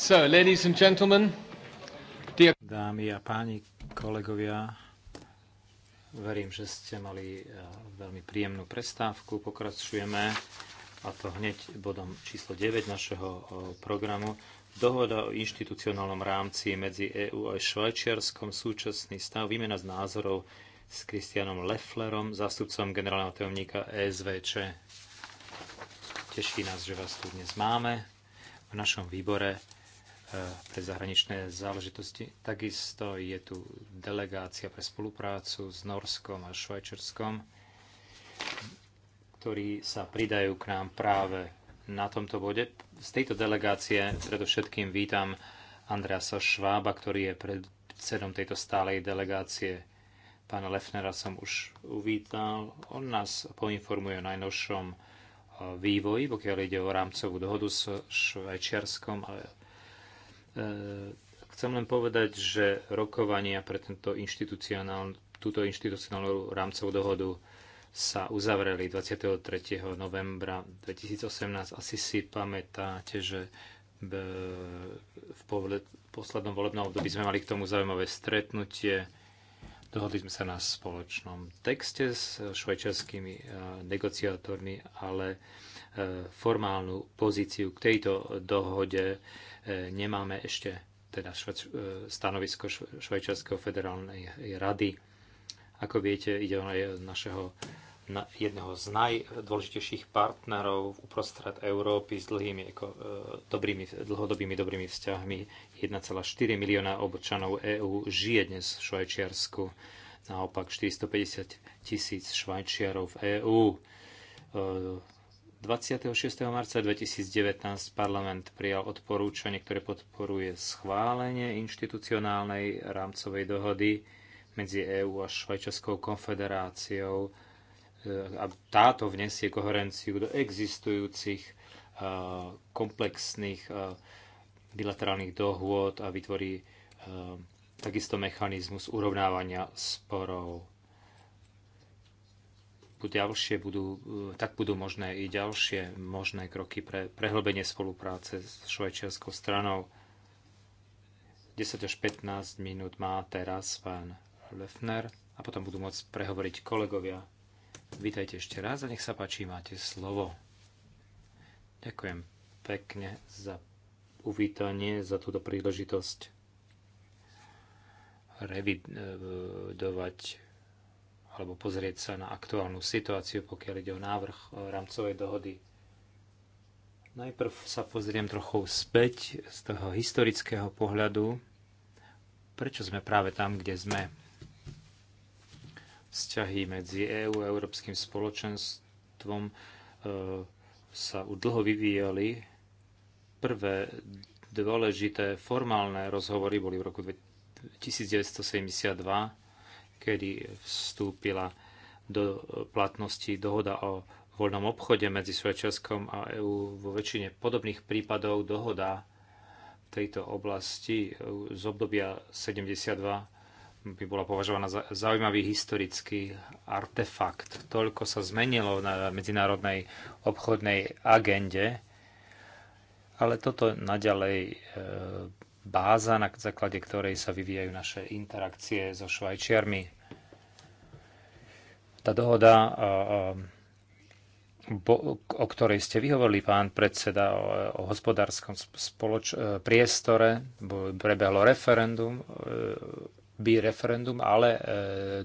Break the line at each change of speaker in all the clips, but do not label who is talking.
So, ladies and gentlemen, dear... Dámy a páni, kolegovia, verím, že ste mali e, veľmi príjemnú prestávku. Pokračujeme a to hneď bodom číslo 9 našeho e, programu. Dohoda o inštitucionálnom rámci medzi EÚ a Švajčiarskom, súčasný stav, výmena z názorov s Kristianom Lefflerom, zástupcom generálneho tajomníka ESVČ. Teší nás, že vás tu dnes máme v našom výbore E, pre zahraničné záležitosti. Takisto je tu delegácia pre spoluprácu s Norskom a Švajčerskom, ktorí sa pridajú k nám práve na tomto bode. Z tejto delegácie predovšetkým vítam Andreasa Švába, ktorý je predsedom tejto stálej delegácie. Pána Lefnera som už uvítal. On nás poinformuje o najnovšom e, vývoji, pokiaľ ide o rámcovú dohodu s Švajčiarskom, ale Chcem len povedať, že rokovania pre tento inštitucionál, túto inštitucionálnu rámcovú dohodu sa uzavreli 23. novembra 2018. Asi si pamätáte, že v poslednom volebnom období sme mali k tomu zaujímavé stretnutie. Dohodli sme sa na spoločnom texte s švajčiarskými negociátormi, ale E, formálnu pozíciu k tejto dohode e, nemáme ešte teda e, stanovisko Švajčiarskeho federálnej rady. Ako viete, ide o našeho jedného z najdôležitejších partnerov uprostred Európy s dlhými, ako, dobrými, dlhodobými dobrými vzťahmi. 1,4 milióna občanov EÚ žije dnes v Švajčiarsku, naopak 450 tisíc Švajčiarov v EÚ 26. marca 2019 parlament prijal odporúčanie, ktoré podporuje schválenie inštitucionálnej rámcovej dohody medzi EÚ a Švajčarskou konfederáciou e, a táto vnesie koherenciu do existujúcich e, komplexných e, bilaterálnych dohôd a vytvorí takisto mechanizmus urovnávania sporov ďalšie budú, e, tak budú možné i ďalšie možné kroky pre prehlbenie spolupráce s švajčiarskou stranou. 10 až 15 minút má teraz pán Lefner a potom budú môcť prehovoriť kolegovia. Vítajte ešte raz a nech sa páči, máte slovo. Ďakujem pekne za uvítanie, za túto príležitosť revidovať alebo pozrieť sa na aktuálnu situáciu, pokiaľ ide o návrh rámcovej dohody. Najprv sa pozriem trochu späť z toho historického pohľadu, prečo sme práve tam, kde sme. Vzťahy medzi EÚ a Európskym spoločenstvom e, sa u dlho vyvíjali. Prvé dôležité formálne rozhovory boli v roku 1972 kedy vstúpila do platnosti dohoda o voľnom obchode medzi Švajčiarskom a EÚ. Vo väčšine podobných prípadov dohoda v tejto oblasti e z obdobia 72 by bola považovaná za zaujímavý historický artefakt. Toľko sa zmenilo na medzinárodnej obchodnej agende, ale toto naďalej e, báza, na základe ktorej sa vyvíjajú naše interakcie so Švajčiarmi. Tá dohoda, o ktorej ste vyhovorili, pán predseda, o hospodárskom spoloč- e, priestore, prebehlo referendum, e, by referendum, ale e,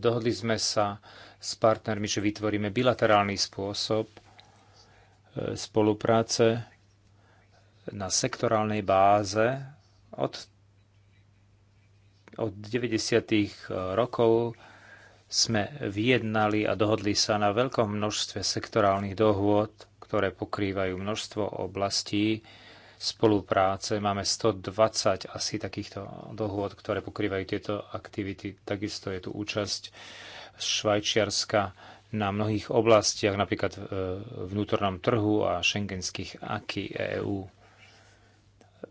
dohodli sme sa s partnermi, že vytvoríme bilaterálny spôsob spolupráce na sektorálnej báze od, od 90. Eh, rokov sme vyjednali a dohodli sa na veľkom množstve sektorálnych dohôd, ktoré pokrývajú množstvo oblastí spolupráce. Máme 120 asi takýchto dohôd, ktoré pokrývajú tieto aktivity. Takisto je tu účasť Švajčiarska na mnohých oblastiach, napríklad eh, vnútornom trhu a šengenských aky EÚ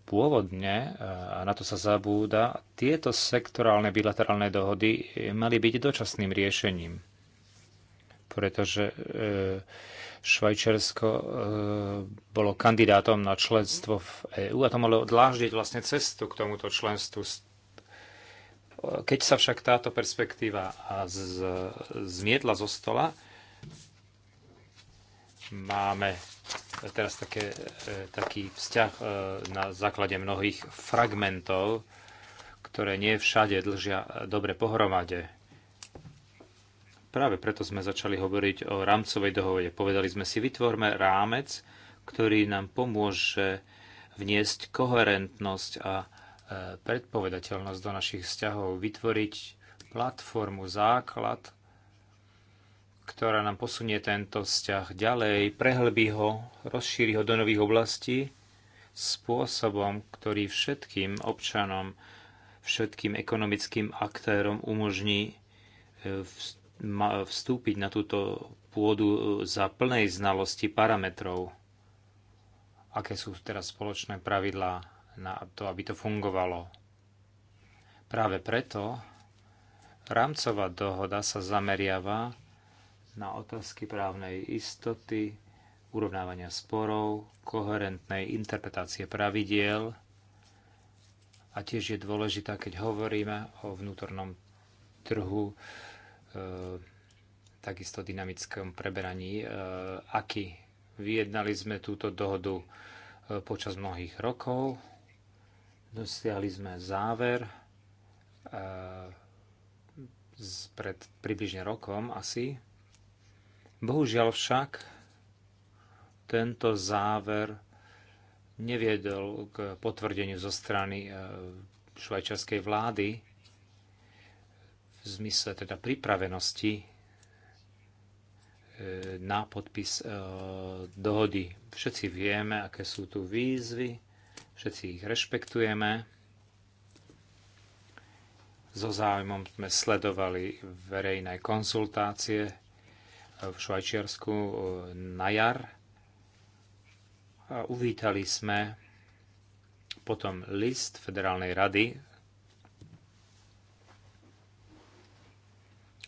pôvodne, e, a na to sa zabúda, tieto sektorálne bilaterálne dohody e, mali byť dočasným riešením. Pretože e, Švajčiarsko bolo kandidátom na členstvo v EÚ a to malo odláždiť vlastne cestu k tomuto členstvu. Keď sa však táto perspektíva zmietla zo stola, máme teraz také, e, taký vzťah e, na základe mnohých fragmentov, ktoré nie všade dlžia e, dobre pohromade. Práve preto sme začali hovoriť o rámcovej dohode. Povedali sme si, vytvorme rámec, ktorý nám pomôže vniesť koherentnosť a predpovedateľnosť do našich vzťahov, vytvoriť platformu, základ, ktorá nám posunie tento vzťah ďalej, prehlbí ho, rozšíri ho do nových oblastí spôsobom, ktorý všetkým občanom, všetkým ekonomickým aktérom umožní e, vstúpiť na túto pôdu e, za plnej znalosti parametrov, aké sú teraz spoločné pravidlá na to, aby to fungovalo. Práve preto rámcová dohoda sa zameriava na otázky právnej istoty, urovnávania sporov, koherentnej interpretácie pravidiel a tiež je dôležitá, keď hovoríme o vnútornom trhu, e, takisto dynamickom preberaní e, aký. Vyjednali sme túto dohodu e, počas mnohých rokov, dosiahli sme záver e, pred približne rokom asi, Bohužiaľ však tento záver neviedol k potvrdeniu zo strany e, švajčiarskej vlády v zmysle teda pripravenosti e, na podpis e, dohody. Všetci vieme, aké sú tu výzvy, všetci ich rešpektujeme. So záujmom sme sledovali verejné konsultácie v Švajčiarsku e, na jar a uvítali sme potom list Federálnej rady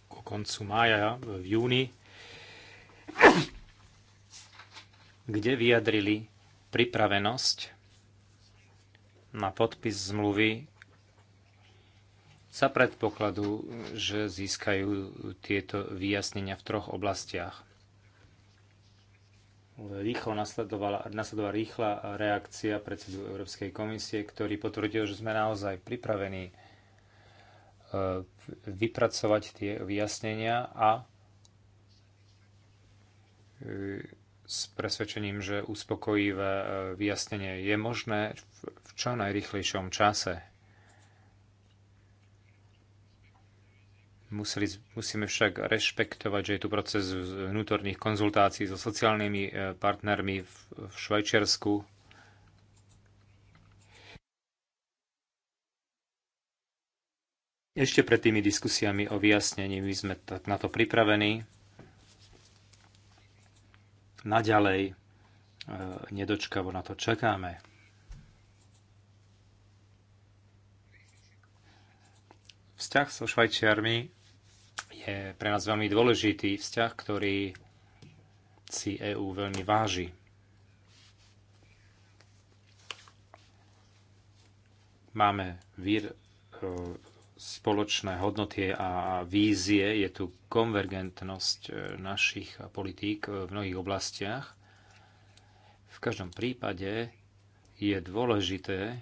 ku koncu mája e, v júni, kde vyjadrili pripravenosť na podpis zmluvy za predpokladu, že získajú tieto vyjasnenia v troch oblastiach. Rýchlo nasledovala, nasledovala rýchla reakcia predsedu Európskej komisie, ktorý potvrdil, že sme naozaj pripravení e, vypracovať tie vyjasnenia a e, s presvedčením, že uspokojivé e, vyjasnenie je možné v čo najrychlejšom čase. Museli, musíme však rešpektovať, že je tu proces vnútorných konzultácií so sociálnymi e, partnermi v, v Švajčiarsku. Ešte pred tými diskusiami o vyjasnení my sme na to pripravení. Naďalej e, nedočkavo na to čakáme. Vzťah so Švajčiarmi je pre nás veľmi dôležitý vzťah, ktorý si EÚ veľmi váži. Máme vír, e, spoločné hodnoty a vízie, je tu konvergentnosť e, našich politík v mnohých oblastiach. V každom prípade je dôležité,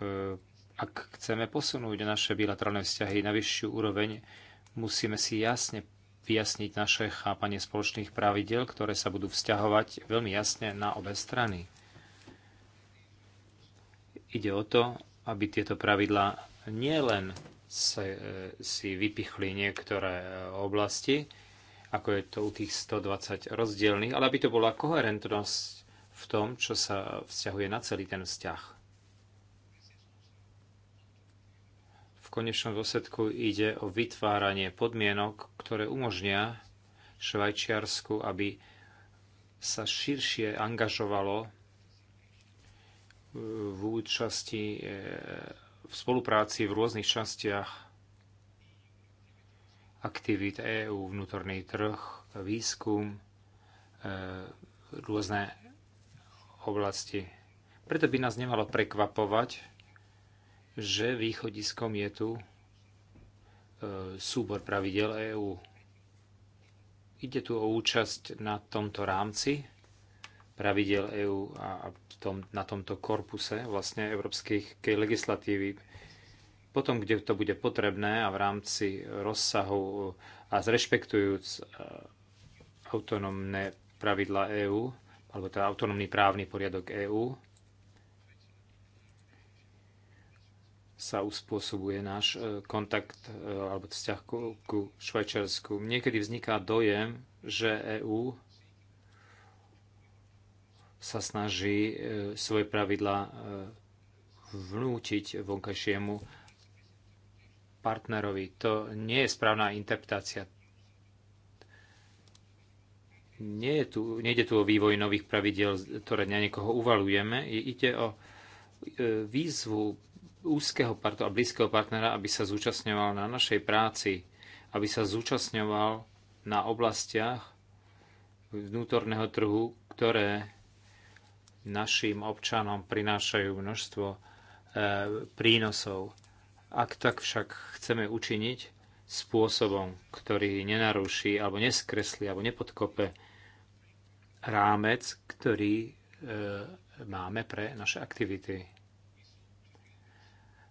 e, ak chceme posunúť naše bilaterálne vzťahy na vyššiu úroveň, musíme si jasne vyjasniť naše chápanie spoločných pravidel, ktoré sa budú vzťahovať veľmi jasne na obe strany. Ide o to, aby tieto pravidlá nielen e, si vypichli niektoré e, oblasti, ako je to u tých 120 rozdielných, ale aby to bola koherentnosť v tom, čo sa vzťahuje na celý ten vzťah. konečnom dôsledku ide o vytváranie podmienok, ktoré umožnia Švajčiarsku, aby sa širšie angažovalo e, v účasti e, v spolupráci v rôznych častiach aktivít EÚ, vnútorný trh, výskum, e, rôzne oblasti. Preto by nás nemalo prekvapovať, že východiskom je tu e, súbor pravidel EÚ. Ide tu o účasť na tomto rámci pravidel EÚ a tom, na tomto korpuse vlastne európskej legislatívy. Potom, kde to bude potrebné a v rámci rozsahu a zrešpektujúc e, autonómne pravidla EÚ, alebo teda autonómny právny poriadok EÚ, sa uspôsobuje náš e, kontakt e, alebo vzťah ku, ku Švajčiarsku. Niekedy vzniká dojem, že EÚ sa snaží e, svoje pravidlá vnútiť vonkajšiemu partnerovi. To nie je správna interpretácia. Nie je tu, nejde tu o vývoj nových pravidel, ktoré na niekoho uvalujeme. Ide o výzvu úzkeho a blízkeho partnera, aby sa zúčastňoval na našej práci, aby sa zúčastňoval na oblastiach vnútorného trhu, ktoré našim občanom prinášajú množstvo e, prínosov. Ak tak však chceme učiniť spôsobom, ktorý nenaruší alebo neskreslí alebo nepodkope rámec, ktorý e, máme pre naše aktivity.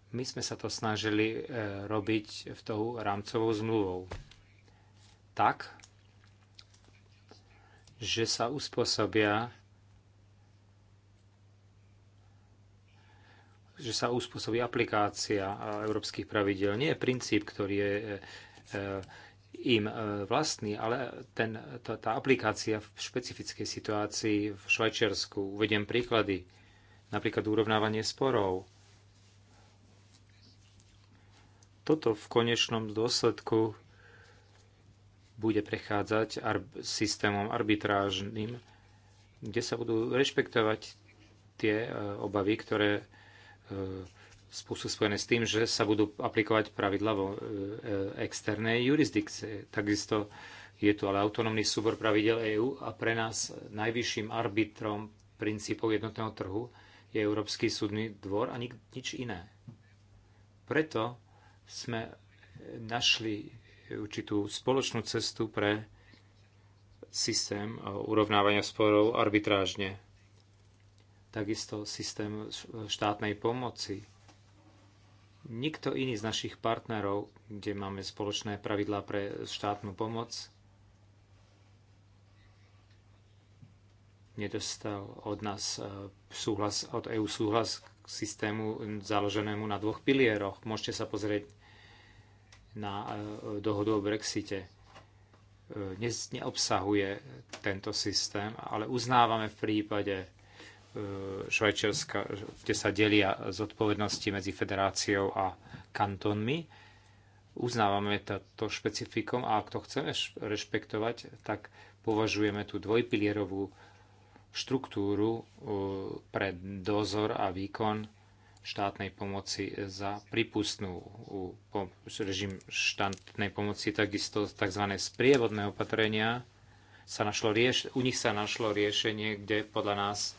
My sme sa to snažili e, robiť v tou rámcovou zmluvou. Tak, že sa uspôsobia že sa uspôsobí aplikácia európskych pravidel. Nie je princíp, ktorý je e, e, im vlastný, ale ten, tá, tá aplikácia v špecifickej situácii v Švajčiarsku. Uvediem príklady. Napríklad urovnávanie sporov Toto v konečnom dôsledku bude prechádzať ar- systémom arbitrážnym, kde sa budú rešpektovať tie e, obavy, ktoré e, sú spojené s tým, že sa budú aplikovať pravidla vo e, externej jurisdikcie. Takisto je tu ale autonómny súbor pravidel EÚ a pre nás najvyšším arbitrom princípov jednotného trhu je Európsky súdny dvor a nič iné. Preto sme našli určitú spoločnú cestu pre systém urovnávania sporov arbitrážne. Takisto systém štátnej pomoci. Nikto iný z našich partnerov, kde máme spoločné pravidlá pre štátnu pomoc, nedostal od nás eh, súhlas, od EU súhlas k systému založenému na dvoch pilieroch. Môžete sa pozrieť na e, dohodu o Brexite. Dnes e, neobsahuje tento systém, ale uznávame v prípade e, Švajčiarska, kde sa delia zodpovednosti medzi federáciou a kantónmi. Uznávame to špecifikom a ak to chceme rešpektovať, tak považujeme tú dvojpilierovú štruktúru pre dozor a výkon štátnej pomoci za prípustnú režim štátnej pomoci, takisto tzv. sprievodné opatrenia. Sa našlo rieš- u nich sa našlo riešenie, kde podľa nás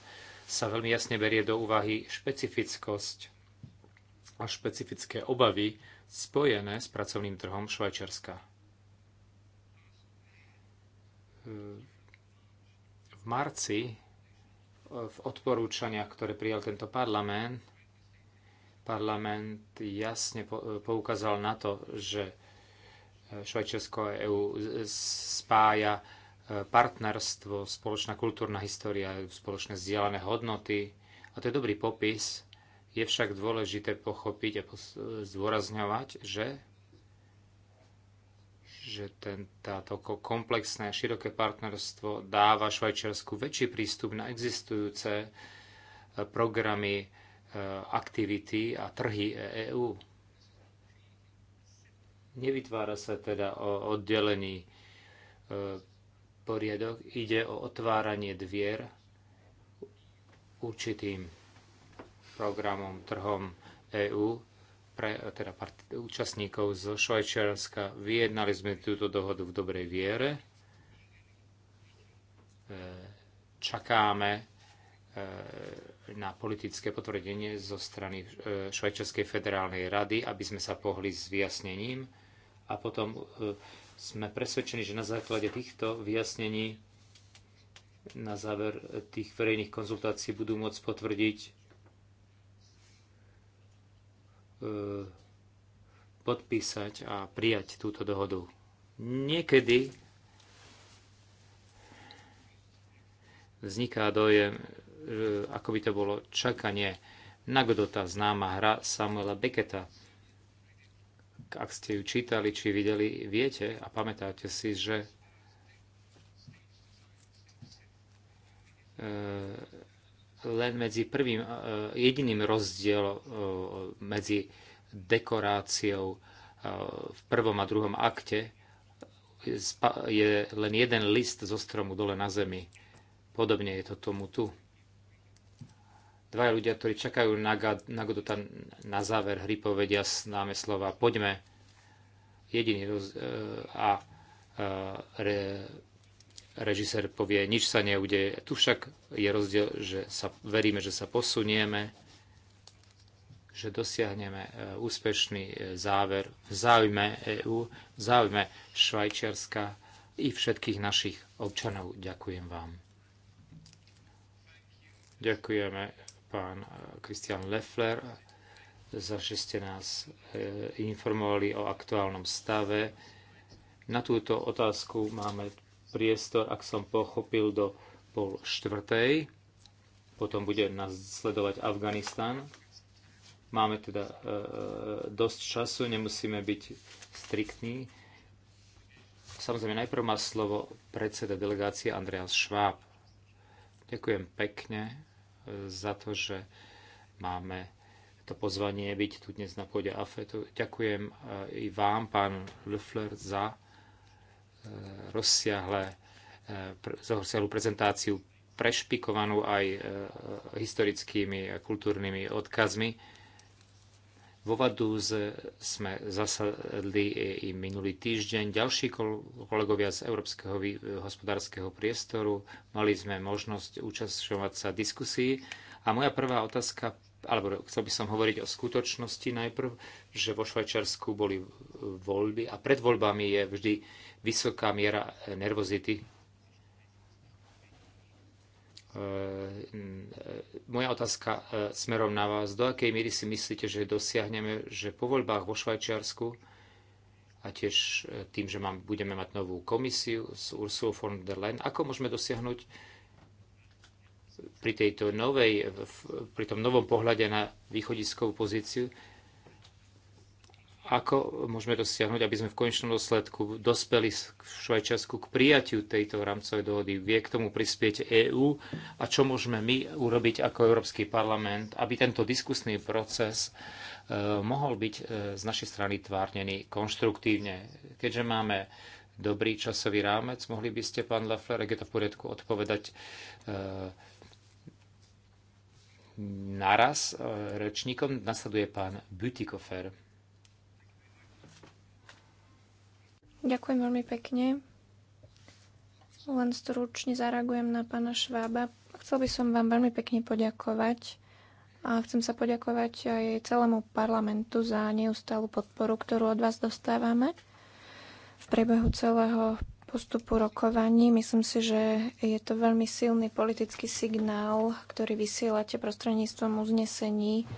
sa veľmi jasne berie do úvahy špecifickosť a špecifické obavy spojené s pracovným trhom Švajčiarska. V marci v odporúčaniach, ktoré prijal tento parlament, Parlament jasne poukázal na to, že e, Švajčiarsko a EÚ spája e, partnerstvo, spoločná kultúrna história, spoločné zdieľané hodnoty. A to je dobrý popis. Je však dôležité pochopiť a zdôrazňovať, že, že ten, táto komplexné, široké partnerstvo dáva Švajčiarsku väčší prístup na existujúce e, programy Eh, aktivity a trhy EÚ. E Nevytvára sa teda o oddelený eh, poriadok, ide o otváranie dvier určitým programom, trhom EÚ e pre eh, teda part- účastníkov zo Švajčiarska. Vyjednali sme túto dohodu v dobrej viere. Čakáme E, na politické potvrdenie zo strany e, Švajčiarskej federálnej rady, aby sme sa pohli s vyjasnením. A potom e, sme presvedčení, že na základe týchto vyjasnení na záver tých verejných konzultácií budú môcť potvrdiť podpísať a prijať túto dohodu. Niekedy vzniká dojem, E, ako by to bolo čakanie. Godota, známa hra Samuela Becketa. Ak ste ju čítali či videli, viete a pamätáte si, že e, len medzi prvým, e, jediným rozdielom medzi dekoráciou v prvom a druhom akte je len jeden list zo stromu dole na zemi. Podobne je to tomu tu. Dva ľudia, ktorí čakajú na, na Godota na záver hry, povedia známe slova poďme. Jediný roz, e, a, a e, re, režisér povie, nič sa neudeje. Tu však je rozdiel, že sa, veríme, že sa posunieme, že dosiahneme e, úspešný záver v záujme EÚ, v záujme Švajčiarska i všetkých našich občanov. Ďakujem vám. Ďakujeme pán Kristian eh, Leffler, za že ste nás eh, informovali o aktuálnom stave. Na túto otázku máme priestor, ak som pochopil, do pol štvrtej. Potom bude nasledovať Afganistan. Máme teda eh, dosť času, nemusíme byť striktní. Samozrejme, najprv má slovo predseda delegácie Andreas Schwab. Ďakujem pekne za to, že máme to pozvanie byť tu dnes na pôde AFETu. Ďakujem e, i vám, pán Löffler, za e, rozsiahle, e, za rozsiahlu prezentáciu prešpikovanú aj historickými a kultúrnymi odkazmi vo Vadúze sme zasadli i minulý týždeň. Ďalší kolegovia z Európskeho hospodárskeho priestoru mali sme možnosť účastňovať sa diskusii. A moja prvá otázka, alebo chcel by som hovoriť o skutočnosti najprv, že vo Švajčiarsku boli voľby a pred voľbami je vždy vysoká miera nervozity E, e, moja otázka e, smerom na vás. Do akej míry si myslíte, že dosiahneme, že po voľbách vo Švajčiarsku a tiež tým, že mám, budeme mať novú komisiu s Ursula von der Leyen, ako môžeme dosiahnuť pri, tejto novej, pri tom novom pohľade na východiskovú pozíciu, ako môžeme dosiahnuť, aby sme v konečnom dôsledku dospeli v Švajčiarsku k prijatiu tejto rámcovej dohody? Vie k tomu prispieť EÚ? A čo môžeme my urobiť ako Európsky parlament, aby tento diskusný proces e, mohol byť e, z našej strany tvárnený konštruktívne? Keďže máme dobrý časový rámec, mohli by ste, pán Lafler, ak je to v poriadku, odpovedať e, naraz rečníkom. Nasleduje pán Butikofer.
Ďakujem veľmi pekne. Len stručne zareagujem na pána Švába. Chcel by som vám veľmi pekne poďakovať a chcem sa poďakovať aj celému parlamentu za neustálu podporu, ktorú od vás dostávame v priebehu celého postupu rokovaní. Myslím si, že je to veľmi silný politický signál, ktorý vysielate prostredníctvom uznesení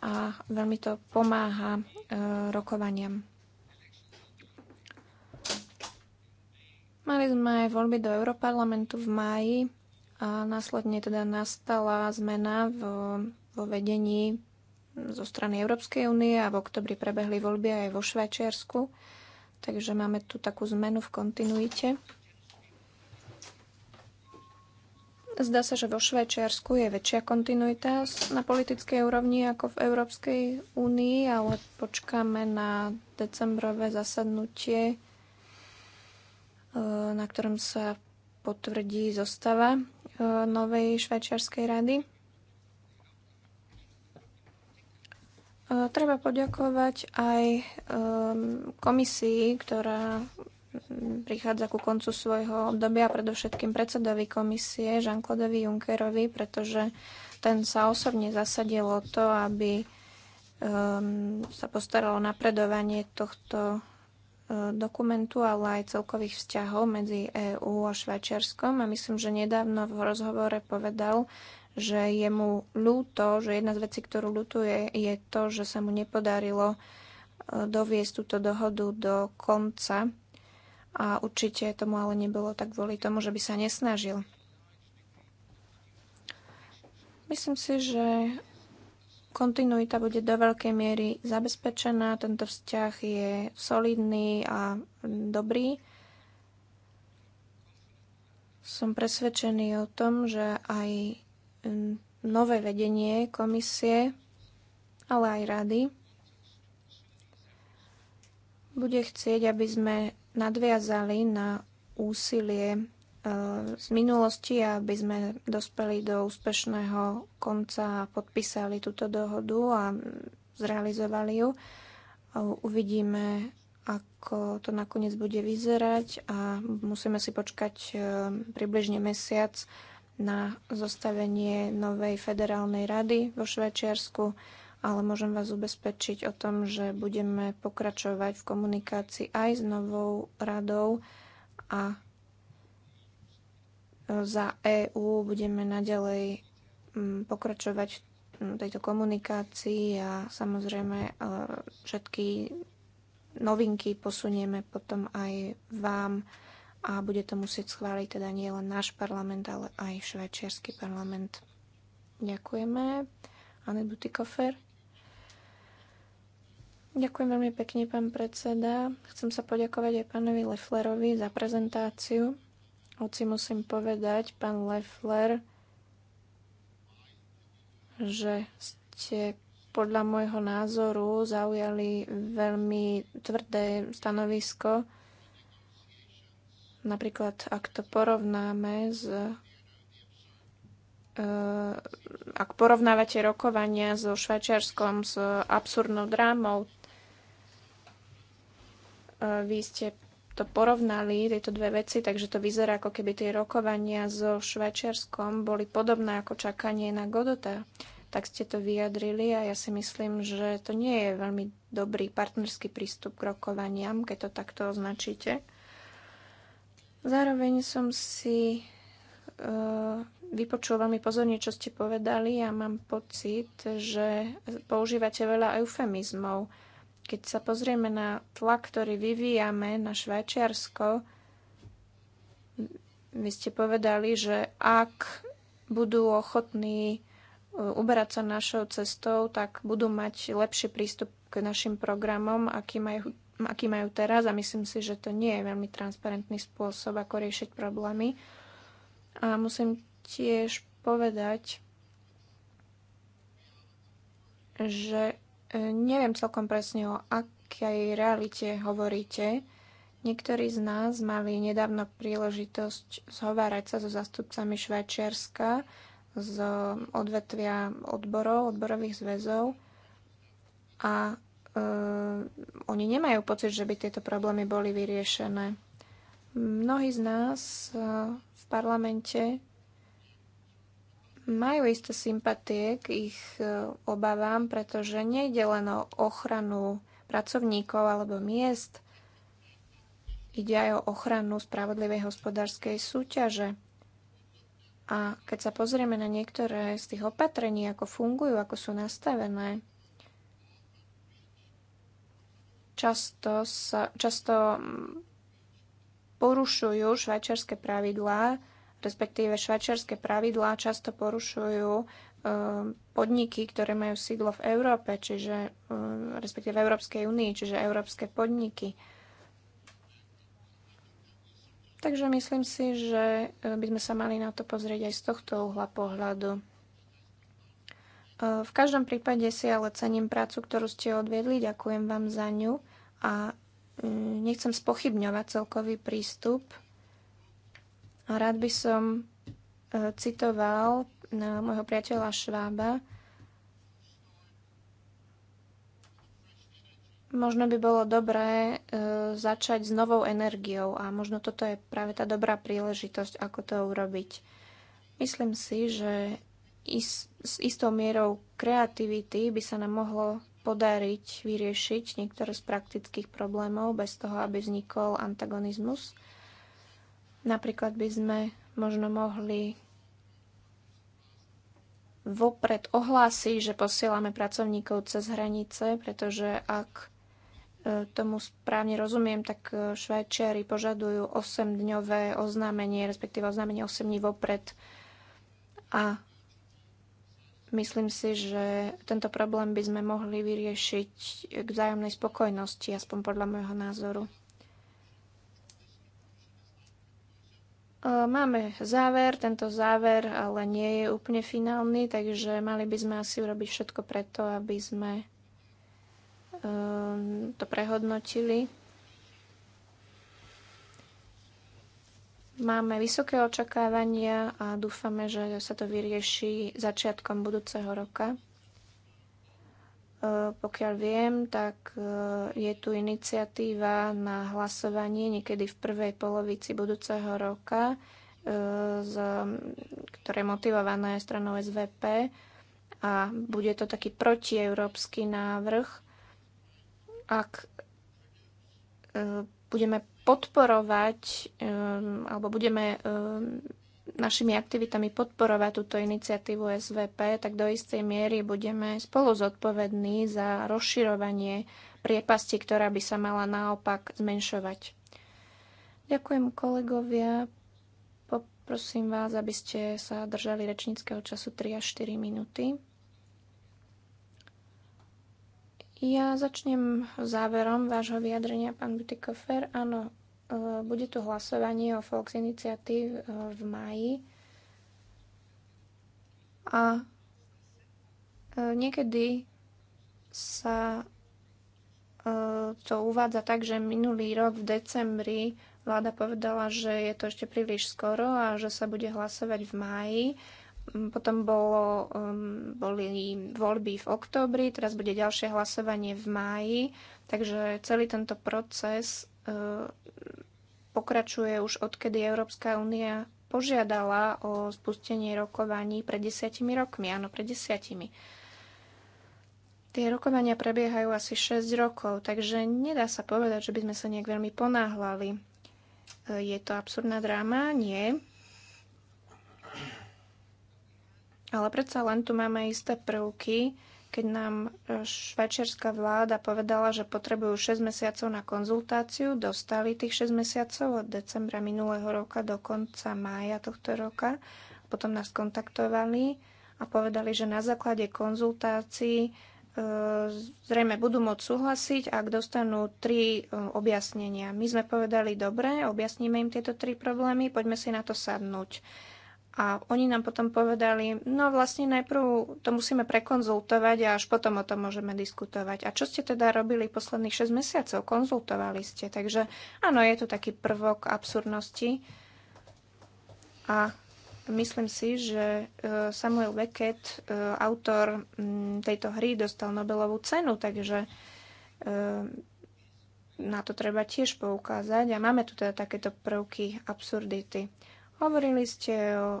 a veľmi to pomáha e, rokovaniam. Mali sme voľby do Európarlamentu v máji a následne teda nastala zmena v vo vedení zo strany Európskej únie a v oktobri prebehli voľby aj vo Švajčiarsku. Takže máme tu takú zmenu v kontinuite. Zdá sa, že vo Švajčiarsku je väčšia kontinuita na politickej úrovni ako v Európskej únii, ale počkáme na decembrové zasadnutie E, na ktorom sa potvrdí zostava e, novej švajčiarskej rady. E, treba poďakovať aj komisii, ktorá prichádza ku koncu svojho obdobia, predovšetkým predsedovi komisie Jean-Claudeovi Junckerovi, pretože ten sa osobne zasadil o to, aby sa postaralo napredovanie tohto dokumentu, ale aj celkových vzťahov medzi EÚ a Švajčiarskom. A myslím, že nedávno v rozhovore povedal, že je mu ľúto, že jedna z vecí, ktorú ľutuje, je to, že sa mu nepodarilo e, doviesť túto dohodu do konca. A určite tomu ale nebolo tak kvôli tomu, že by sa nesnažil. Myslím si, že kontinuita bude do veľkej miery zabezpečená, tento vzťah je solidný a dobrý. Som presvedčený o tom, že aj mm, nové vedenie komisie, ale aj rady, bude chcieť, aby sme nadviazali na úsilie z minulosti, aby sme dospeli do úspešného konca a podpísali túto dohodu a zrealizovali ju. Uvidíme, ako to nakoniec bude vyzerať a musíme si počkať e, približne mesiac na zostavenie novej federálnej rady vo Švajčiarsku, ale môžem vás ubezpečiť o tom, že budeme pokračovať v komunikácii aj s novou radou a za EÚ budeme naďalej mm, pokračovať v tejto komunikácii a samozrejme e, všetky novinky posunieme potom aj vám a bude to musieť schváliť teda nie len náš parlament, ale aj švajčiarsky parlament. Ďakujeme. Anne Butikofer. Ďakujem veľmi pekne, pán predseda. Chcem sa poďakovať aj pánovi Lefflerovi za prezentáciu. Hoci musím povedať, pán Leffler, že ste podľa môjho názoru zaujali veľmi tvrdé stanovisko. Napríklad, ak to porovnáme s e, ak porovnávate rokovania so Švajčiarskom s absurdnou drámou, e, vy ste to porovnali, tieto dve veci, takže to vyzerá, ako keby tie rokovania so Švajčiarskom boli podobné ako čakanie na Godota. Tak ste to vyjadrili a ja si myslím, že to nie je veľmi dobrý partnerský prístup k rokovaniam, keď to takto označíte. Zároveň som si eh, vypočul veľmi pozorne, čo ste povedali a mám pocit, že používate veľa eufemizmov keď sa pozrieme na tlak, ktorý vyvíjame na Švajčiarsko, vy ste povedali, že ak budú ochotní e, uberať sa našou cestou, tak budú mať lepší prístup k našim programom, aký majú, aký majú teraz a myslím si, že to nie je veľmi transparentný spôsob, ako riešiť problémy. A musím tiež povedať, že Neviem celkom presne, o akej realite hovoríte. Niektorí z nás mali nedávno príležitosť zhovárať sa so zastupcami Švajčiarska z odvetvia odborov, odborových zväzov a e, oni nemajú pocit, že by tieto problémy boli vyriešené. Mnohí z nás e, v parlamente majú isté sympatie k ich e, obavám, pretože nejde len o ochranu pracovníkov alebo miest, ide aj o ochranu spravodlivej hospodárskej súťaže. A keď sa pozrieme na niektoré z tých opatrení, ako fungujú, ako sú nastavené, často, sa, často mm, porušujú švajčiarske pravidlá, respektíve švajčiarske pravidlá často porušujú eh, podniky, ktoré majú sídlo v Európe, čiže eh, respektíve v Európskej únii, čiže európske podniky. Takže myslím si, že eh, by sme sa mali na to pozrieť aj z tohto uhla pohľadu. V každom prípade si ale cením prácu, ktorú ste odviedli, ďakujem vám za ňu a nechcem spochybňovať celkový prístup a rád by som e, citoval na môjho priateľa Švába. Možno by bolo dobré e, začať s novou energiou a možno toto je práve tá dobrá príležitosť, ako to urobiť. Myslím si, že is- s istou mierou kreativity by sa nám mohlo podariť vyriešiť niektoré z praktických problémov bez toho, aby vznikol antagonizmus. Napríklad by sme možno mohli vopred ohlásiť, že posielame pracovníkov cez hranice, pretože ak e, tomu správne rozumiem, tak e, Švajčiari požadujú 8-dňové oznámenie, respektíve oznámenie 8 dní vopred. A myslím si, že tento problém by sme mohli vyriešiť k vzájomnej spokojnosti, aspoň podľa môjho názoru. E, máme záver, tento záver ale nie je úplne finálny, takže mali by sme asi urobiť všetko preto, aby sme e, to prehodnotili. Máme vysoké očakávania a dúfame, že sa to vyrieši začiatkom budúceho roka. Eh, pokiaľ viem, tak eh, je tu iniciatíva na hlasovanie niekedy v prvej polovici budúceho roka, eh, ktoré je motivované stranou SVP a bude to taký protieurópsky návrh. Ak budeme podporovať alebo budeme našimi aktivitami podporovať túto iniciatívu SVP, tak do istej miery budeme spolu zodpovední za rozširovanie priepasti, ktorá by sa mala naopak zmenšovať. Ďakujem kolegovia. Poprosím vás, aby ste sa držali rečníckého času 3 až 4 minúty. Ja začnem záverom vášho vyjadrenia, pán Butikofer. Áno, Eh, bude tu hlasovanie o Fox iniciatív eh, v maji. A eh, niekedy sa to uvádza tak, že minulý rok v decembri vláda povedala, že je to ešte príliš skoro a že sa bude hlasovať v máji. Mm, potom bolo, ehm, boli voľby v októbri, teraz bude ďalšie hlasovanie v máji, takže celý tento proces pokračuje už odkedy Európska únia požiadala o spustenie rokovaní pred desiatimi rokmi. Áno, pred desiatimi. Tie rokovania prebiehajú asi 6 rokov, takže nedá sa povedať, že by sme sa nejak veľmi ponáhľali. Je to absurdná dráma? Nie. Ale predsa len tu máme isté prvky, keď nám e, švajčiarska vláda povedala, že potrebujú 6 mesiacov na konzultáciu, dostali tých 6 mesiacov od decembra minulého roka do konca mája tohto roka. Potom nás kontaktovali a povedali, že na základe konzultácií e, zrejme budú môcť súhlasiť, ak dostanú tri e, objasnenia. My sme povedali, dobre, objasníme im tieto tri problémy, poďme si na to sadnúť. A oni nám potom povedali, no vlastne najprv to musíme prekonzultovať a až potom o tom môžeme diskutovať. A čo ste teda robili posledných 6 mesiacov? Konzultovali ste. Takže áno, je to taký prvok absurdnosti. A myslím si, že e, Samuel Beckett, e, autor tejto hry, dostal Nobelovú cenu, takže e, na to treba tiež poukázať. A máme tu teda takéto prvky absurdity. Hovorili ste o e,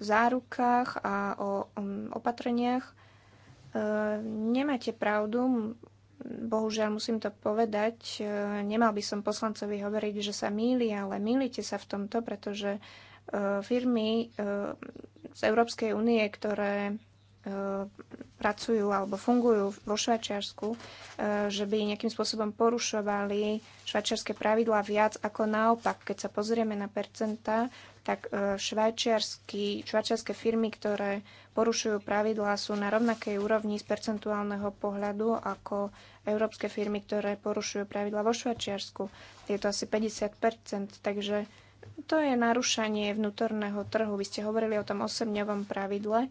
zárukách a o, o um, opatreniach. E, nemáte pravdu, bohužiaľ musím to povedať. E, nemal by som poslancovi hovoriť, že sa míli, ale mýlite sa v tomto, pretože e, firmy e, z Európskej únie, ktoré pracujú alebo fungujú vo Švajčiarsku, e, že by nejakým spôsobom porušovali švajčiarske pravidlá viac ako naopak. Keď sa pozrieme na percenta, tak e, švajčiarske firmy, ktoré porušujú pravidlá, sú na rovnakej úrovni z percentuálneho pohľadu ako európske firmy, ktoré porušujú pravidlá vo Švajčiarsku. Je to asi 50 takže to je narušanie vnútorného trhu. Vy ste hovorili o tom osemňovom pravidle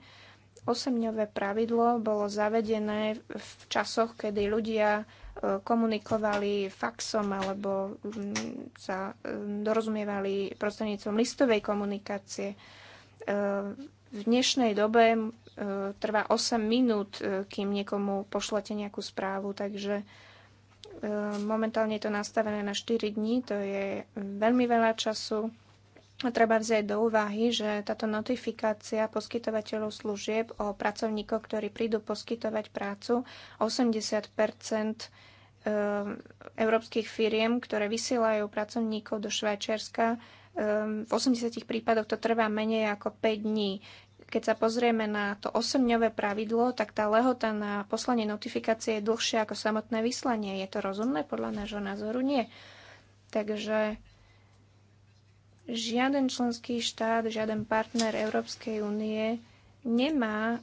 osemňové pravidlo bolo zavedené v časoch, kedy ľudia e, komunikovali faxom alebo sa e, dorozumievali prostredníctvom listovej komunikácie. E, v dnešnej dobe trvá 8 minút, kým niekomu pošlete nejakú správu, takže momentálne je to nastavené na 4 dní, to je veľmi veľa času treba vziať do úvahy, že táto notifikácia poskytovateľov služieb o pracovníkoch, ktorí prídu poskytovať prácu, 80 ehm, európskych firiem, ktoré vysielajú pracovníkov do Švajčiarska, ehm, v 80 prípadoch to trvá menej ako 5 dní. Keď sa pozrieme na to 8-dňové pravidlo, tak tá lehota na poslanie notifikácie je dlhšia ako samotné vyslanie. Je to rozumné? Podľa nášho názoru nie. Takže Žiaden členský štát, žiaden partner Európskej únie nemá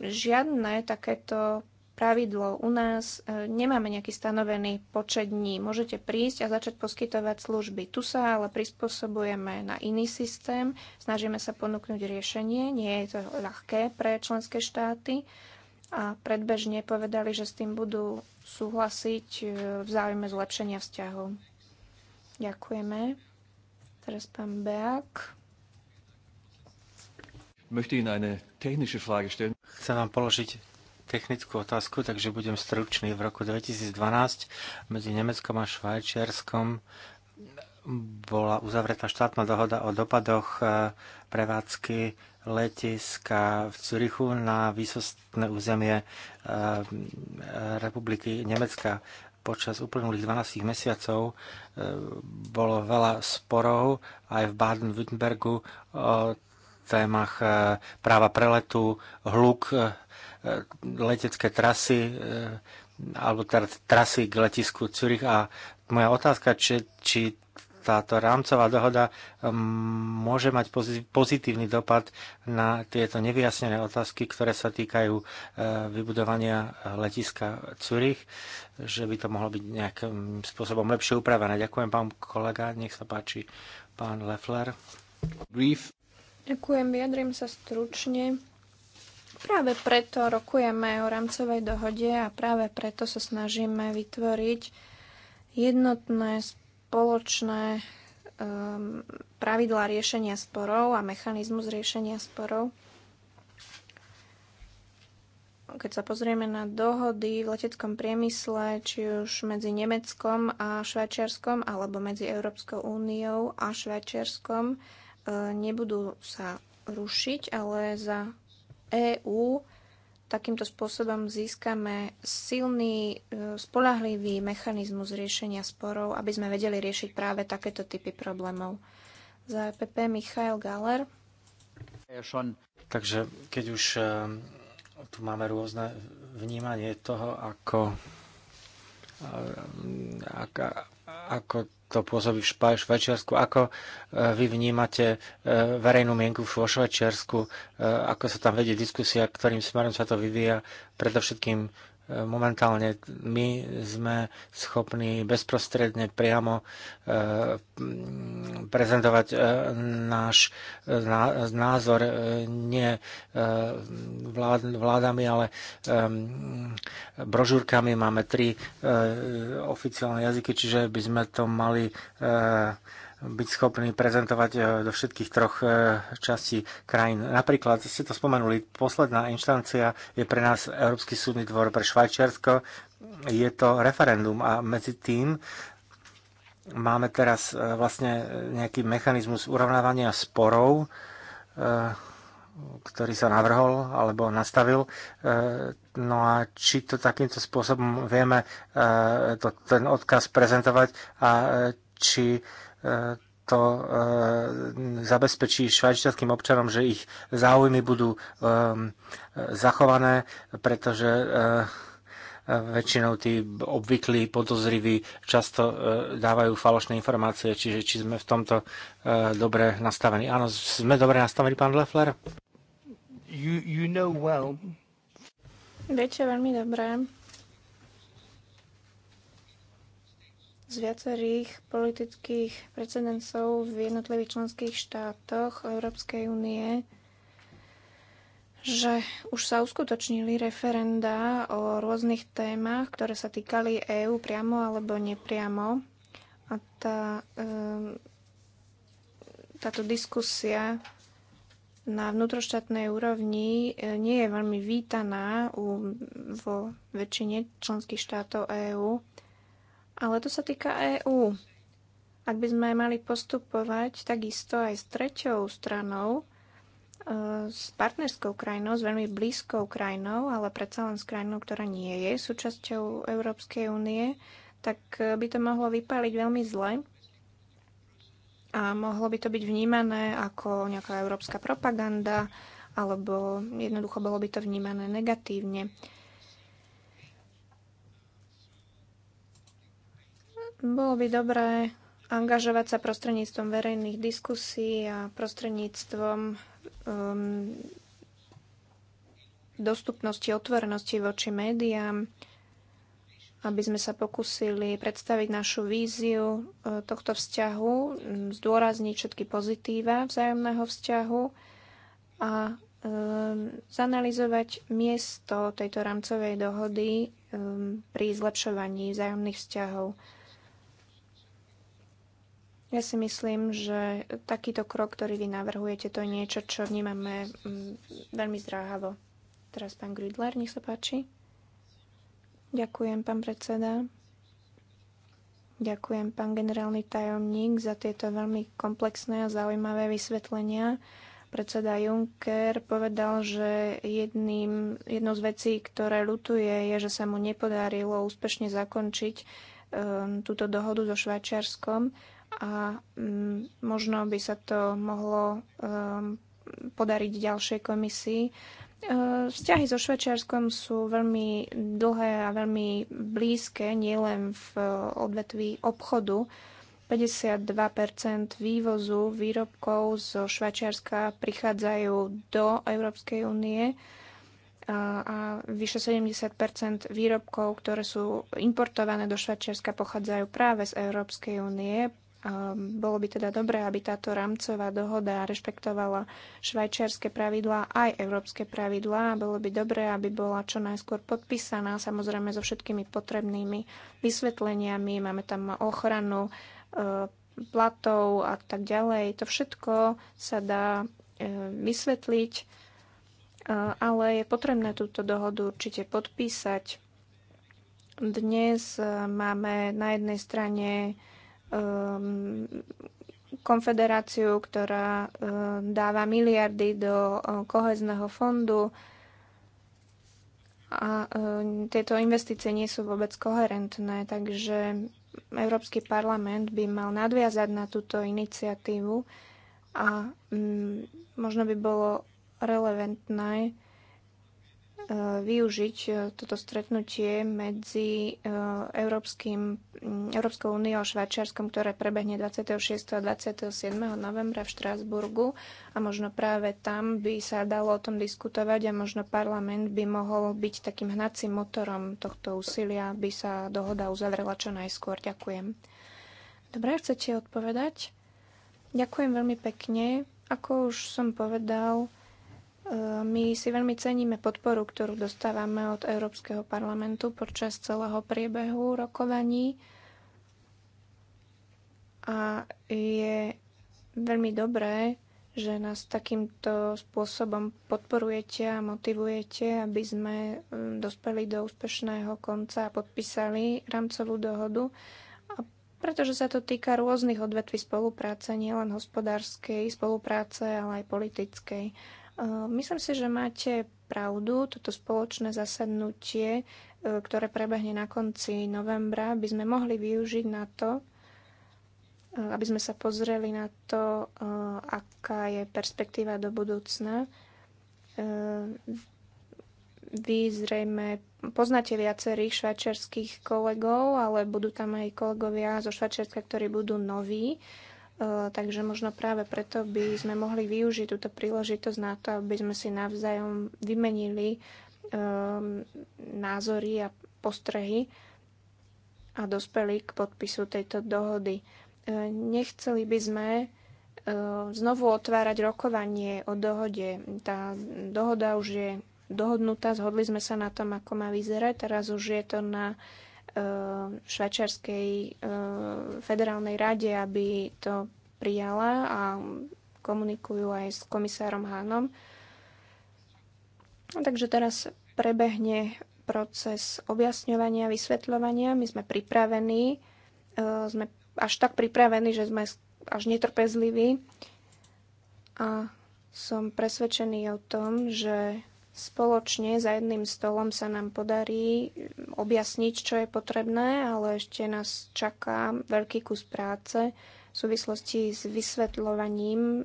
žiadne takéto pravidlo. U nás e, nemáme nejaký stanovený počet dní. Môžete prísť a začať poskytovať služby. Tu sa ale prispôsobujeme na iný systém. Snažíme sa ponúknuť riešenie. Nie je to ľahké pre členské štáty. A predbežne povedali, že s tým budú súhlasiť e, v záujme zlepšenia vzťahov. Ďakujeme. Teraz pán Beak.
Chcem vám položiť technickú otázku, takže budem stručný. V roku 2012 medzi Nemeckom a Švajčiarskom bola uzavretá štátna dohoda o dopadoch e, prevádzky letiska v Cürichu na výsostné územie e, e, Republiky Nemecka. Počas uplynulých 12 mesiacov e, bolo veľa sporov aj v Baden-Württembergu o témach e, práva preletu, hluk, e, letecké trasy, alebo teda trasy k letisku Zürich. A moja otázka, či, či táto rámcová dohoda um, môže mať pozitívny dopad na tieto nevyjasnené otázky, ktoré sa týkajú uh, vybudovania letiska Curych, že by to mohlo byť nejakým spôsobom lepšie upravené. Ďakujem, pán kolega, nech sa páči, pán Leffler. Brief.
Ďakujem, vyjadrím sa stručne. Práve preto rokujeme o rámcovej dohode a práve preto sa snažíme vytvoriť jednotné spoločné um, pravidlá riešenia sporov a mechanizmus riešenia sporov. Keď sa pozrieme na dohody v leteckom priemysle, či už medzi Nemeckom a Švajčiarskom, alebo medzi Európskou úniou a Švajčiarskom, eh, nebudú sa rušiť, ale za EÚ Takýmto spôsobom získame silný, e, spolahlivý mechanizmus riešenia sporov, aby sme vedeli riešiť práve takéto typy problémov. Za e PP Michail Galer.
Takže keď už e, tu máme rôzne vnímanie toho, ako, ako, ako to pôsobí v Švajčiarsku. Ako e, vy vnímate e, verejnú mienku vo Švajčiarsku? E, ako sa tam vedie diskusia, ktorým smerom sa to vyvíja? Predovšetkým Momentálne my sme schopní bezprostredne priamo e, prezentovať e, náš e, názor nie vládami, ale brožúrkami. Máme tri oficiálne jazyky, čiže by sme to mali byť schopný prezentovať e, do všetkých troch e, častí krajín. Napríklad, ste to spomenuli, posledná inštancia je pre nás Európsky súdny dvor pre Švajčiarsko. Je to referendum a medzi tým máme teraz e, vlastne nejaký mechanizmus urovnávania sporov, ktorý sa navrhol alebo nastavil. No a či to takýmto spôsobom vieme to, ten odkaz prezentovať a či to eh, zabezpečí švajčiarským občanom, že ich záujmy budú eh, zachované, pretože eh, väčšinou tí obvyklí podozriví často dávajú falošné informácie, čiže či sme v tomto dobre nastavení. Áno, sme dobre nastavení, pán Leffler? You, you know well.
Viete veľmi dobre, z viacerých politických precedensov v jednotlivých členských štátoch Európskej únie, že už sa uskutočnili referenda o rôznych témach, ktoré sa týkali EÚ priamo alebo nepriamo. A tá, ehm, táto diskusia na vnútroštátnej úrovni e, nie je veľmi vítaná u, vo väčšine členských štátov EÚ. Ale to sa týka EÚ. Ak by sme mali postupovať takisto aj s treťou stranou, e, s partnerskou krajinou, s veľmi blízkou krajinou, ale predsa len s krajinou, ktorá nie je súčasťou Európskej únie, tak e, by to mohlo vypáliť veľmi zle a mohlo by to byť vnímané ako nejaká európska propaganda alebo jednoducho bolo by to vnímané negatívne. Bolo by dobré angažovať sa prostredníctvom verejných diskusí a prostredníctvom um, dostupnosti, otvorenosti voči médiám, aby sme sa pokúsili predstaviť našu víziu uh, tohto vzťahu, um, zdôrazniť všetky pozitíva vzájomného vzťahu a um, zanalizovať miesto tejto rámcovej dohody um, pri zlepšovaní vzájomných vzťahov. Ja si myslím, že takýto krok, ktorý vy navrhujete, to je niečo, čo vnímame mm, veľmi zdráhavo. Teraz pán Gridler, nech sa páči. Ďakujem, pán predseda. Ďakujem, pán generálny tajomník, za tieto veľmi komplexné a zaujímavé vysvetlenia. Predseda Juncker povedal, že jedným, jednou z vecí, ktoré lutuje, je, že sa mu nepodarilo úspešne zakončiť um, túto dohodu so Švajčiarskom a mm, možno by sa to mohlo um, podariť ďalšej komisii. Ehm, vzťahy so Švečiarskom sú veľmi dlhé a veľmi blízke, nielen v e, odvetví obchodu. 52 vývozu výrobkov zo Švajčiarska prichádzajú do Európskej únie e, a vyše 70 výrobkov, ktoré sú importované do Švajčiarska, pochádzajú práve z Európskej únie. Bolo by teda dobré, aby táto rámcová dohoda rešpektovala švajčiarske pravidlá aj európske pravidlá. Bolo by dobré, aby bola čo najskôr podpísaná, samozrejme so všetkými potrebnými vysvetleniami. Máme tam ochranu e, platov a tak ďalej. To všetko sa dá e, vysvetliť, e, ale je potrebné túto dohodu určite podpísať. Dnes máme na jednej strane um, konfederáciu, ktorá um, dáva miliardy do um, kohezného fondu a um, tieto investície nie sú vôbec koherentné, takže Európsky parlament by mal nadviazať na túto iniciatívu a um, možno by bolo relevantné Eh, využiť eh, toto stretnutie medzi eh, Európskym, mm, Európskou úniou a Švajčiarskom, ktoré prebehne 26. a 27. novembra v Štrásburgu. A možno práve tam by sa dalo o tom diskutovať a možno parlament by mohol byť takým hnacím motorom tohto úsilia, aby sa dohoda uzavrela čo najskôr. Ďakujem. Dobre, chcete odpovedať? Ďakujem veľmi pekne. Ako už som povedal, my si veľmi ceníme podporu, ktorú dostávame od Európskeho parlamentu počas celého priebehu rokovaní a je veľmi dobré, že nás takýmto spôsobom podporujete a motivujete, aby sme mm, dospeli do úspešného konca a podpísali rámcovú dohodu. A pretože sa to týka rôznych odvetví spolupráce, nielen hospodárskej spolupráce, ale aj politickej. Ehm, myslím si, že máte pravdu. Toto spoločné zasadnutie, e, ktoré prebehne na konci novembra, by sme mohli využiť na to, e, aby sme sa pozreli na to, e, aká je perspektíva do budúcna. Ehm, vy zrejme poznáte viacerých švajčiarských kolegov, ale budú tam aj kolegovia zo Švajčiarska, ktorí budú noví. E, takže možno práve preto by sme mohli využiť túto príležitosť na to, aby sme si navzájom vymenili ehm, názory a postrehy a dospeli k podpisu tejto dohody. E, nechceli by sme e, znovu otvárať rokovanie o dohode. Tá dohoda už je dohodnutá, zhodli sme sa na tom, ako má vyzerať. Teraz už je to na Eh, švajčiarskej eh, federálnej rade, aby to prijala a komunikujú aj s komisárom Hánom. No, takže teraz prebehne proces objasňovania, vysvetľovania. My sme pripravení, eh, sme až tak pripravení, že sme až netrpezliví. A som presvedčený o tom, že spoločne za jedným stolom sa nám podarí mm, objasniť, čo je potrebné, ale ešte nás čaká veľký kus práce v súvislosti s vysvetľovaním eh,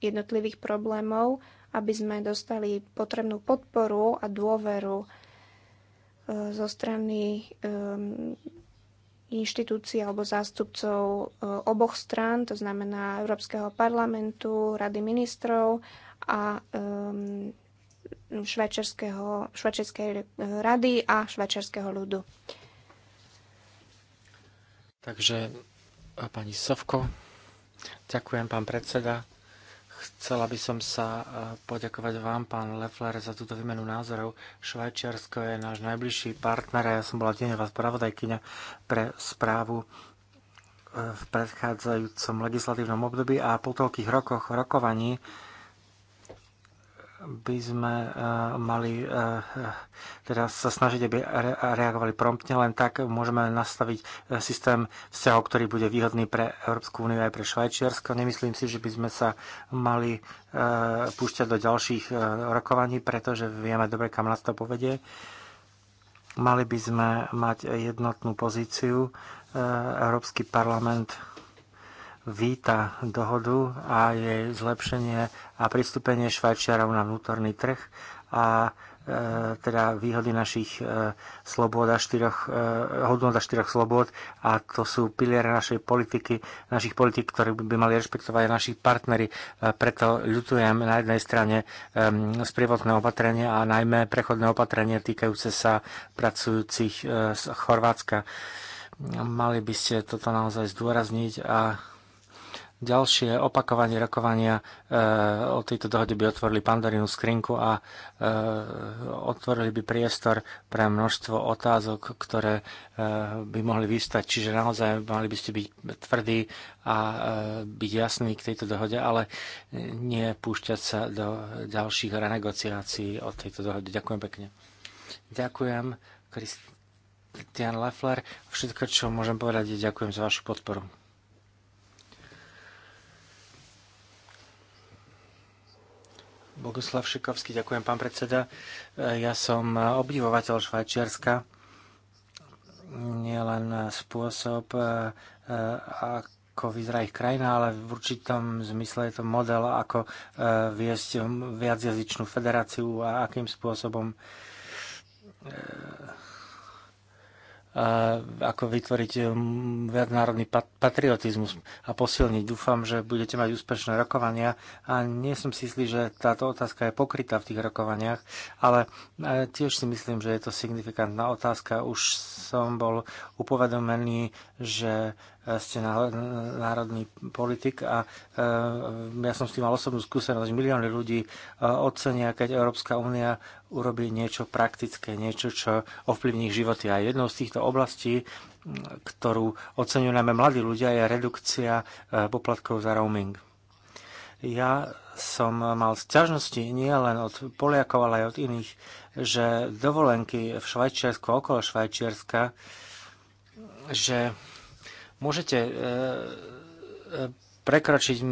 jednotlivých problémov, aby sme dostali potrebnú podporu a dôveru eh, zo strany eh, inštitúcií alebo zástupcov oboch strán, to znamená Európskeho parlamentu, Rady ministrov a um, švajčerskej eh, rady a švajčerského ľudu.
Takže pani Sovko, ďakujem pán predseda. Chcela by som sa eh, poďakovať vám, pán Leffler, za túto výmenu názorov. Švajčiarsko je náš najbližší partner a ja som bola deňová spravodajkyňa pre správu eh, v predchádzajúcom legislatívnom období a po toľkých rokoch rokovaní by sme e, mali e, teda sa snažiť, aby reagovali promptne, len tak môžeme nastaviť e, systém vzťahov, ktorý bude výhodný pre Európsku úniu aj pre Švajčiarsko. Nemyslím si, že by sme sa mali púšťať do ďalších rokovaní, pretože vieme dobre, kam nás to povedie. Mali by sme mať jednotnú pozíciu. Európsky parlament víta dohodu a jej zlepšenie a pristúpenie Švajčiarov na vnútorný trh a e, teda výhody našich e, slobod a štyroch, e, hodnot a štyroch slobod a to sú piliere našej politiky, našich politik, ktoré by mali rešpektovať aj naši partnery. E, preto ľutujem na jednej strane e, sprievodné opatrenie a najmä prechodné opatrenie týkajúce sa pracujúcich e, z Chorvátska. Mali by ste toto naozaj zdôrazniť a Ďalšie opakovanie rokovania e, o tejto dohode by otvorili pandorínu skrinku a e, otvorili by priestor pre množstvo otázok, ktoré e, by mohli vystať. Čiže naozaj mali by ste byť tvrdí a byť jasný k tejto dohode, ale nie púšťať sa do ďalších renegociácií o tejto dohode. Ďakujem pekne. Ďakujem, Kristian Leffler. Všetko, čo môžem povedať, je ďakujem za vašu podporu. Boguslav Šikovský, ďakujem pán predseda. Ja som obdivovateľ Švajčiarska. Nielen spôsob, eh, ako vyzerá ich krajina, ale v určitom zmysle je to model, ako eh, viesť viacjazyčnú federáciu a akým spôsobom eh, ako vytvoriť um, národný patriotizmus a posilniť. Dúfam, že budete mať úspešné rokovania a nie som si istý, že táto otázka je pokrytá v tých rokovaniach, ale e, tiež si myslím, že je to signifikantná otázka. Už som bol upovedomený, že E, ste národný politik a e, ja som s tým mal osobnú skúsenosť. Milióny ľudí e, ocenia, keď Európska únia urobí niečo praktické, niečo, čo ovplyvní ich životy. A jednou z týchto oblastí, ktorú oceňujú najmä mladí ľudia, je redukcia poplatkov za roaming. Ja som mal sťažnosti nie len od Poliakov, ale aj od iných, že dovolenky v Švajčiarsku, okolo Švajčiarska, že Môžete e, e, prekročiť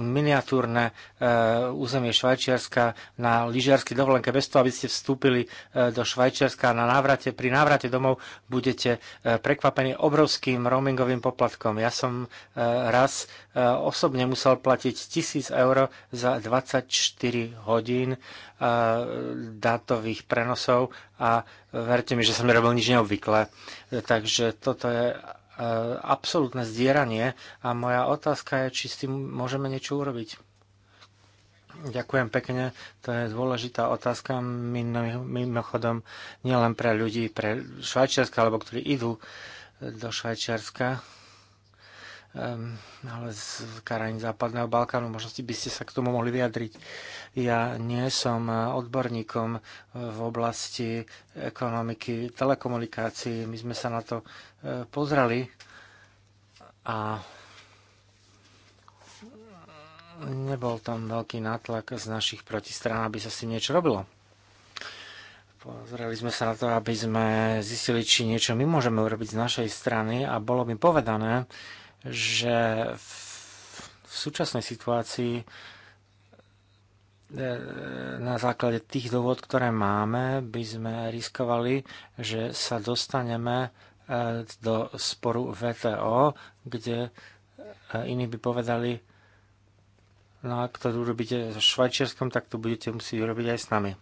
miniatúrne e, územie Švajčiarska na lyžiarsky dovolenke bez toho, aby ste vstúpili do Švajčiarska na návrate. Pri návrate domov budete prekvapení obrovským roamingovým poplatkom. Ja som raz osobne musel platiť 1000 eur za 24 hodín dátových prenosov a verte mi, že som nerobil nič neobvyklé. Takže toto je E, absolútne zdieranie a moja otázka je, či s tým môžeme niečo urobiť. Ďakujem pekne, to je dôležitá otázka mimochodom nielen pre ľudí pre Švajčiarska, alebo ktorí idú do Švajčiarska, ale z krajín Západného Balkánu. možno by ste sa k tomu mohli vyjadriť. Ja nie som eh, odborníkom eh, v oblasti ekonomiky telekomunikácií. My sme sa na to eh, pozreli a nebol tam veľký nátlak z našich protistrán, aby sa s tým niečo robilo. Pozreli sme sa na to, aby sme zistili, či niečo my môžeme urobiť z našej strany a bolo mi povedané, že v súčasnej situácii e, na základe tých dôvod, ktoré máme, by sme riskovali, že sa dostaneme e, do sporu VTO, kde e, iní by povedali, no ak to urobíte so Švajčiarskom, tak to budete musieť urobiť aj s nami.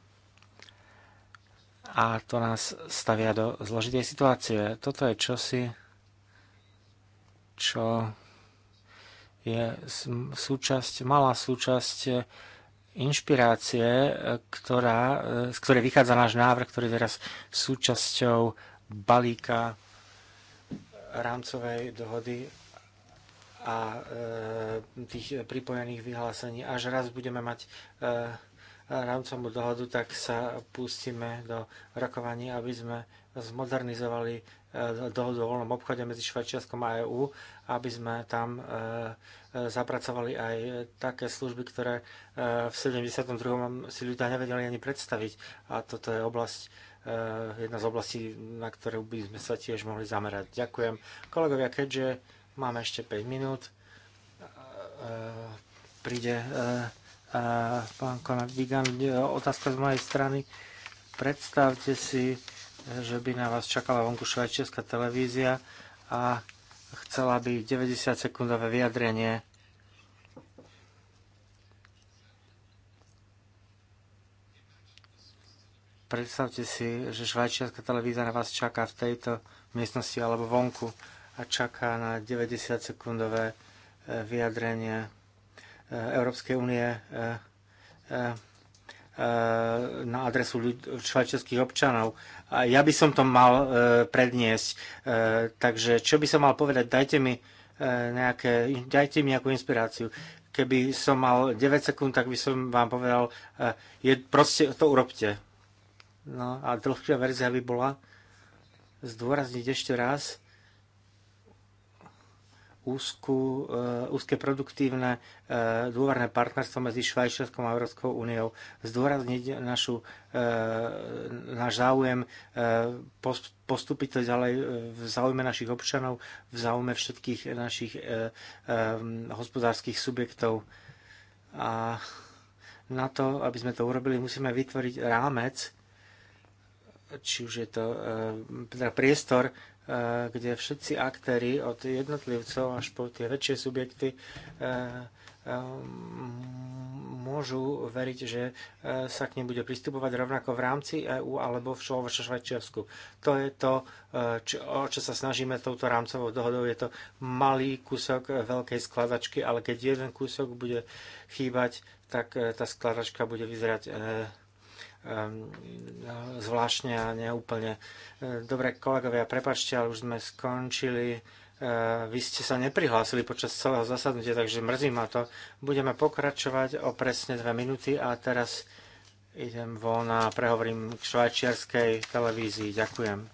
A to nás stavia do zložitej situácie. Toto je čosi, čo je súčasť, malá súčasť inšpirácie, ktorá, z ktorej vychádza náš návrh, ktorý je teraz súčasťou balíka rámcovej dohody a e, tých pripojených vyhlásení. Až raz budeme mať e, rámcovú dohodu, tak sa pustíme do rokovania, aby sme zmodernizovali e, dohodu o voľnom obchode medzi Švajčiarskom a EÚ, aby sme tam e, e, zapracovali aj také služby, ktoré v 72. si ľudia nevedeli ani predstaviť. A toto je oblasť, jedna z oblastí, na ktorú by sme sa tiež mohli zamerať. Ďakujem. Kolegovia, keďže máme ešte 5 minút, príde pán Konat Vigan, e, otázka z mojej strany. Predstavte si, že by na vás čakala vonku švajčiarska televízia a chcela by 90-sekundové vyjadrenie predstavte si, že švajčiarska televízia na vás čaká v tejto miestnosti alebo vonku a čaká na 90-sekundové e, vyjadrenie. Eh, Európskej únie eh, eh, na adresu švajčiarských občanov. A ja by som to mal predniesť. Takže čo by som mal povedať? Dajte mi, nejaké, dajte mi nejakú inspiráciu. Keby som mal 9 sekúnd, tak by som vám povedal, je, proste to urobte. No a dlhšia verzia by bola zdôrazniť ešte raz, úzku, eh, úzke produktívne eh, dôverné partnerstvo medzi Švajčiarskom a Európskou úniou, zdôrazniť našu, eh, náš záujem postúpiť to ďalej v záujme našich občanov, v záujme všetkých našich hospodárskych subjektov. A na to, aby sme to urobili, musíme vytvoriť rámec, či už je to teda priestor E, kde všetci aktéry od jednotlivcov až po tie väčšie subjekty e, e, môžu veriť, že sa k nim bude pristupovať rovnako v rámci EÚ alebo v Švajčiarsku. To je to, čo, o čo sa snažíme touto rámcovou dohodou. Je to malý kúsok veľkej skladačky, ale keď jeden kúsok bude chýbať, tak tá skladačka bude vyzerať Ehm, no, zvláštne a neúplne. Ehm, dobre, kolegovia, prepačte, ale už sme skončili. Ehm, vy ste sa neprihlásili počas celého zasadnutia, takže mrzí ma to. Budeme pokračovať o presne dve minúty a teraz idem von a prehovorím k švajčiarskej televízii. Ďakujem.